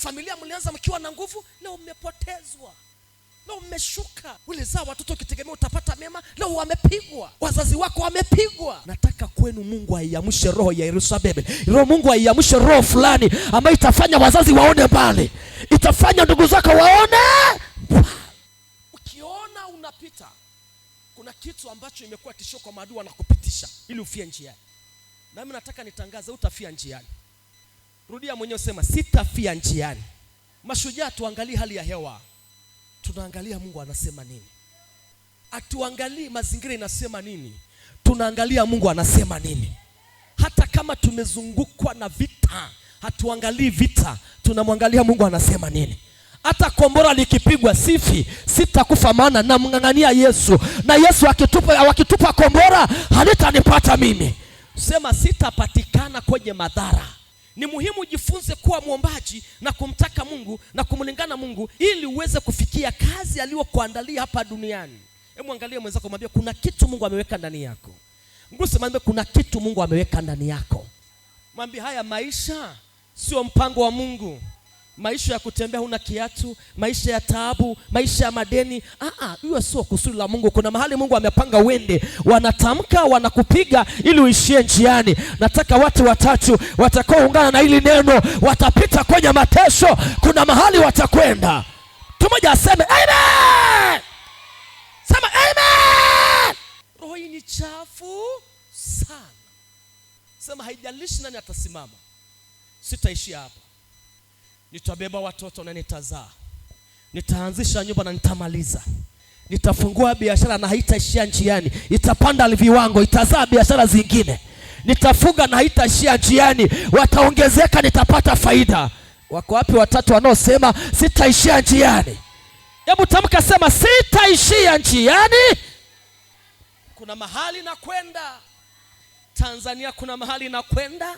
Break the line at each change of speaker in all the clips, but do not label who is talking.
familia mlianza mkiwa na nguvu, leo mmepotezwa, leo mmeshuka. Ulizaa watoto ukitegemea utapata mema, leo wamepigwa, wazazi wako wamepigwa. Nataka kwenu Mungu aiamshe roho ya Yerusalemu, roho Mungu aiamshe roho fulani ambayo itafanya wazazi waone mbali, itafanya ndugu zako waone. Ukiona unapita kuna kitu ambacho imekuwa tishio kwa maadui, wanakupitisha ili ufie njiani. Nami nataka nitangaze, utafia njiani. Rudia mwenyewe, sema sitafia njiani. Mashujaa, tuangalie hali ya hewa, tunaangalia Mungu anasema nini, atuangalie mazingira inasema nini, tunaangalia Mungu anasema nini. Hata kama tumezungukwa na vita, hatuangalii vita, tunamwangalia Mungu anasema nini. Hata kombora likipigwa sifi, sitakufa maana namng'ang'ania Yesu, na Yesu akitupa, wakitupa kombora halitanipata mimi. Sema sitapatikana kwenye madhara ni muhimu ujifunze kuwa mwombaji na kumtaka Mungu na kumlingana Mungu ili uweze kufikia kazi aliyokuandalia hapa duniani. Hebu angalie mwenzako, mwambie kuna kitu Mungu ameweka ndani yako. Mguse mwambie kuna kitu Mungu ameweka ndani yako. Mwambie haya maisha sio mpango wa Mungu maisha ya kutembea huna kiatu, maisha ya taabu, maisha ya madeni. Ah, ah, hiyo sio kusudi la Mungu. Kuna mahali Mungu amepanga uende, wanatamka wanakupiga ili uishie njiani. Nataka watu watatu watakaoungana na hili neno watapita kwenye mateso, kuna mahali watakwenda. Mtu mmoja aseme amen, sema amen. Roho hii ni chafu sana, sema haijalishi nani atasimama, sitaishia hapa nitabeba watoto na nitazaa, nitaanzisha nyumba na nitamaliza, nitafungua biashara na haitaishia njiani, itapanda viwango, itazaa biashara zingine, nitafuga na haitaishia njiani, wataongezeka, nitapata faida. Wako wapi watatu wanaosema sitaishia njiani? Hebu tamka, sema sitaishia njiani. Kuna mahali na kwenda Tanzania, kuna mahali na kwenda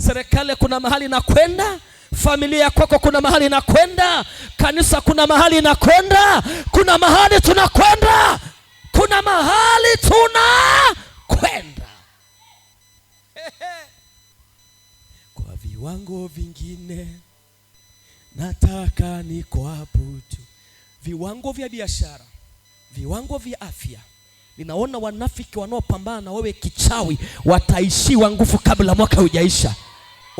serikali, kuna mahali na kwenda Familia kwako kuna mahali inakwenda, kanisa kuna mahali inakwenda, kuna mahali tunakwenda, kuna mahali tunakwenda kwa viwango vingine. Nataka nikuabudu viwango vya biashara, viwango vya afya. Ninaona wanafiki wanaopambana na wewe kichawi, wataishiwa nguvu kabla mwaka hujaisha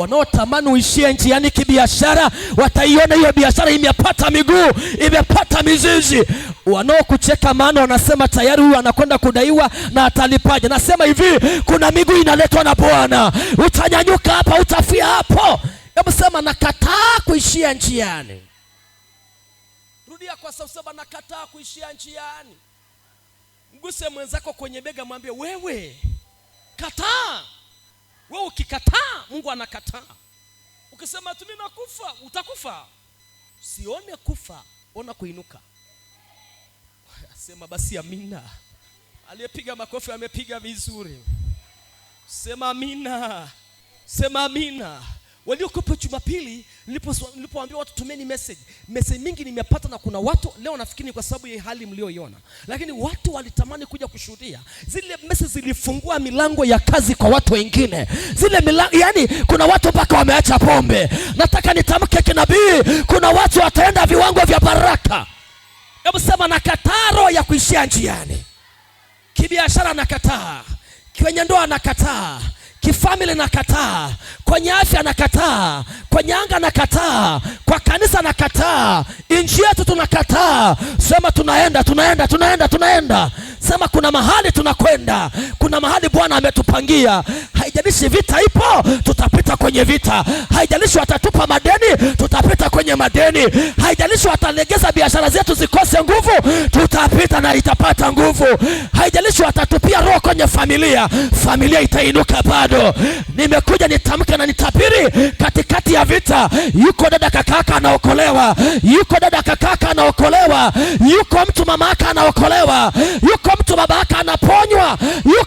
wanaotamani uishie njiani kibiashara wataiona hiyo biashara imepata miguu, imepata mizizi. Wanaokucheka maana wanasema tayari huyu anakwenda kudaiwa na atalipaje? Nasema hivi, kuna miguu inaletwa na Bwana. Utanyanyuka hapa, utafia hapo. Hebu sema, nakataa kuishia njiani. Rudia kwa sauti, sema nakataa kuishia njiani. Mguse mwenzako kwenye bega, mwambie wewe, kataa wewe ukikataa, Mungu anakataa. Ukisema tu mimi nakufa, utakufa. Sione kufa, ona kuinuka. Sema basi amina. Aliyepiga makofi amepiga vizuri. Sema amina, sema amina waliokuwepo Jumapili nilipoambia watu tumeni message, message mingi nimepata, na kuna watu leo nafikiri kwa sababu ya hali mlioiona, lakini watu walitamani kuja kushuhudia. Zile message zilifungua milango ya kazi kwa watu wengine, zile milango, yani kuna watu mpaka wameacha pombe. Nataka nitamke kinabii, kuna watu wataenda viwango vya baraka. Hebu sema, nakataa roho ya kuishia njiani. Kibiashara nakataa, kwenye ndoa nakataa Kifamili nakataa, kwenye afya nakataa, kwenye anga nakataa, kwa kanisa nakataa, nchi yetu tunakataa. Sema tunaenda, tunaenda, tunaenda, tunaenda. Sema kuna mahali tunakwenda, kuna mahali Bwana ametupangia haijalishi vita ipo, tutapita kwenye vita. Haijalishi watatupa madeni, tutapita kwenye madeni. Haijalishi watalegeza biashara zetu zikose nguvu, tutapita na itapata nguvu. Haijalishi watatupia roho kwenye familia, familia itainuka bado. Nimekuja nitamke na nitabiri katikati ya vita, yuko dada kakaka anaokolewa, yuko dada kakaka anaokolewa, yuko mtu mamaka anaokolewa, yuko mtu babaka anaponywa yuko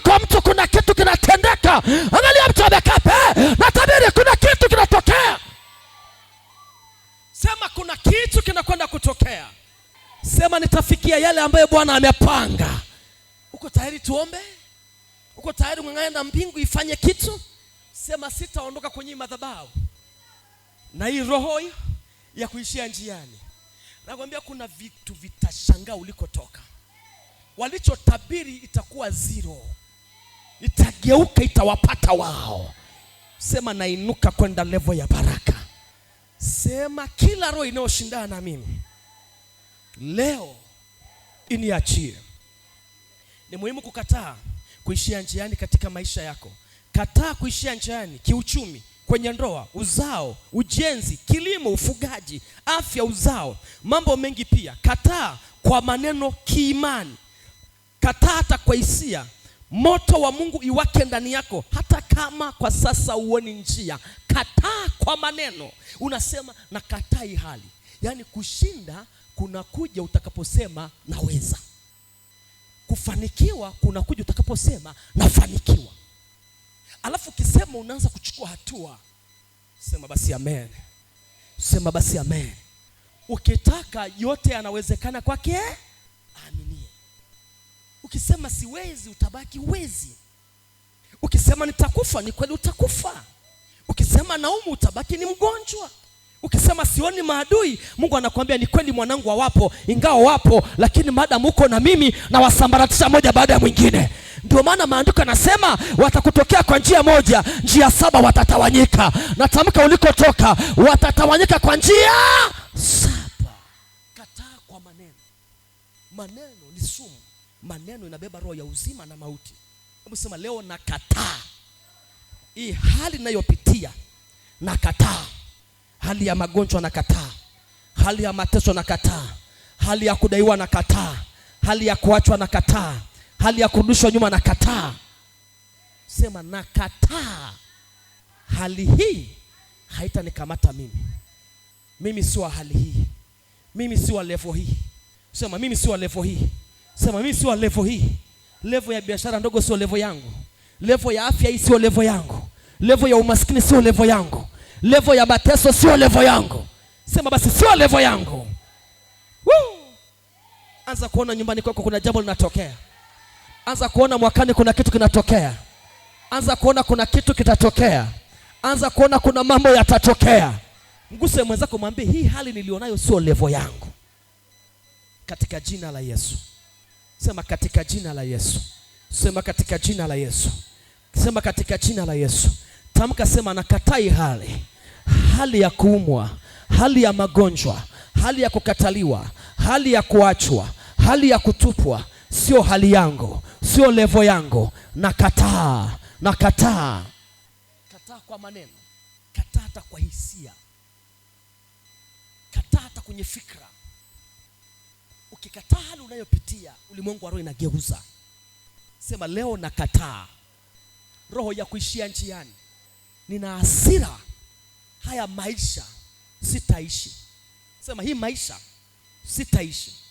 chomekape, natabiri kuna kitu kinatokea. Sema kuna kitu kinakwenda kutokea. Sema nitafikia yale ambayo Bwana amepanga. Uko tayari? Tuombe. Uko tayari? Ng'ang'ana na mbingu ifanye kitu. Sema sitaondoka kwenye madhabahu na hii roho ya kuishia njiani. Nakwambia kuna vitu vitashangaa ulikotoka, walichotabiri itakuwa zero itageuka itawapata wao. Sema nainuka kwenda levo ya baraka. Sema kila roho inayoshindana na mimi leo iniachie. Ni muhimu kukataa kuishia njiani katika maisha yako. Kataa kuishia njiani kiuchumi, kwenye ndoa, uzao, ujenzi, kilimo, ufugaji, afya, uzao, mambo mengi pia. Kataa kwa maneno kiimani, kataa hata kwa hisia. Moto wa Mungu iwake ndani yako, hata kama kwa sasa huoni njia. Kataa kwa maneno, unasema nakataa hii hali. Yaani kushinda kunakuja utakaposema naweza, kufanikiwa kunakuja utakaposema nafanikiwa. Alafu ukisema unaanza kuchukua hatua. Sema basi amen, sema basi amen. Ukitaka yote yanawezekana kwake. Amen. Ukisema siwezi, utabaki uwezi. Ukisema nitakufa, ni kweli utakufa. Ukisema naumu, utabaki ni mgonjwa. Ukisema sioni maadui, Mungu anakuambia ni kweli, mwanangu, hawapo, ingawa wapo, lakini maadamu uko na mimi, wasambaratisha moja baada ya mwingine. Ndio maana maandiko yanasema watakutokea kwa njia moja, njia saba watatawanyika. Natamka ulikotoka, watatawanyika kwa njia saba. Kataa kwa maneno, maneno ni sumu maneno inabeba roho ya uzima na mauti. Hebu sema leo nakataa hii hali ninayopitia, nakataa hali ya magonjwa, nakataa hali ya mateso, nakataa hali ya kudaiwa, nakataa hali ya kuachwa, nakataa hali ya kurudishwa nyuma, nakataa. Sema nakataa, hali hii haitanikamata mimi. Mimi si wa hali hii, mimi si wa level hii. Sema mimi si wa level hii. Sema mimi sio level hii. Levo ya biashara ndogo sio levo yangu. Levo ya afya hii sio levo yangu. Levo ya umaskini sio levo yangu. Levo ya mateso sio levo yangu. Sema basi sio levo yangu. Woo! Anza kuona nyumbani kwako kuna jambo linatokea. Anza kuona mwakani kuna kitu kinatokea. Anza kuona kuna kitu kitatokea. Anza kuona kuna mambo yatatokea. Mguse mwenzako, mwambie hii hali nilionayo sio levo yangu, katika jina la Yesu. Sema katika jina la Yesu. Sema katika jina la Yesu. Sema katika jina la Yesu. Tamka, sema nakatai hali. Hali ya kuumwa, hali ya magonjwa, hali ya kukataliwa, hali ya kuachwa, hali ya kutupwa, sio hali yangu, sio levo yangu. Nakataa, nakataa. Kataa kwa maneno, kataa hata kwa hisia, kataa hata kwenye fikra ukikataa hali unayopitia ulimwengu wa roho inageuza. Sema leo nakataa roho ya kuishia njiani, nina hasira, haya maisha sitaishi. Sema hii maisha sitaishi.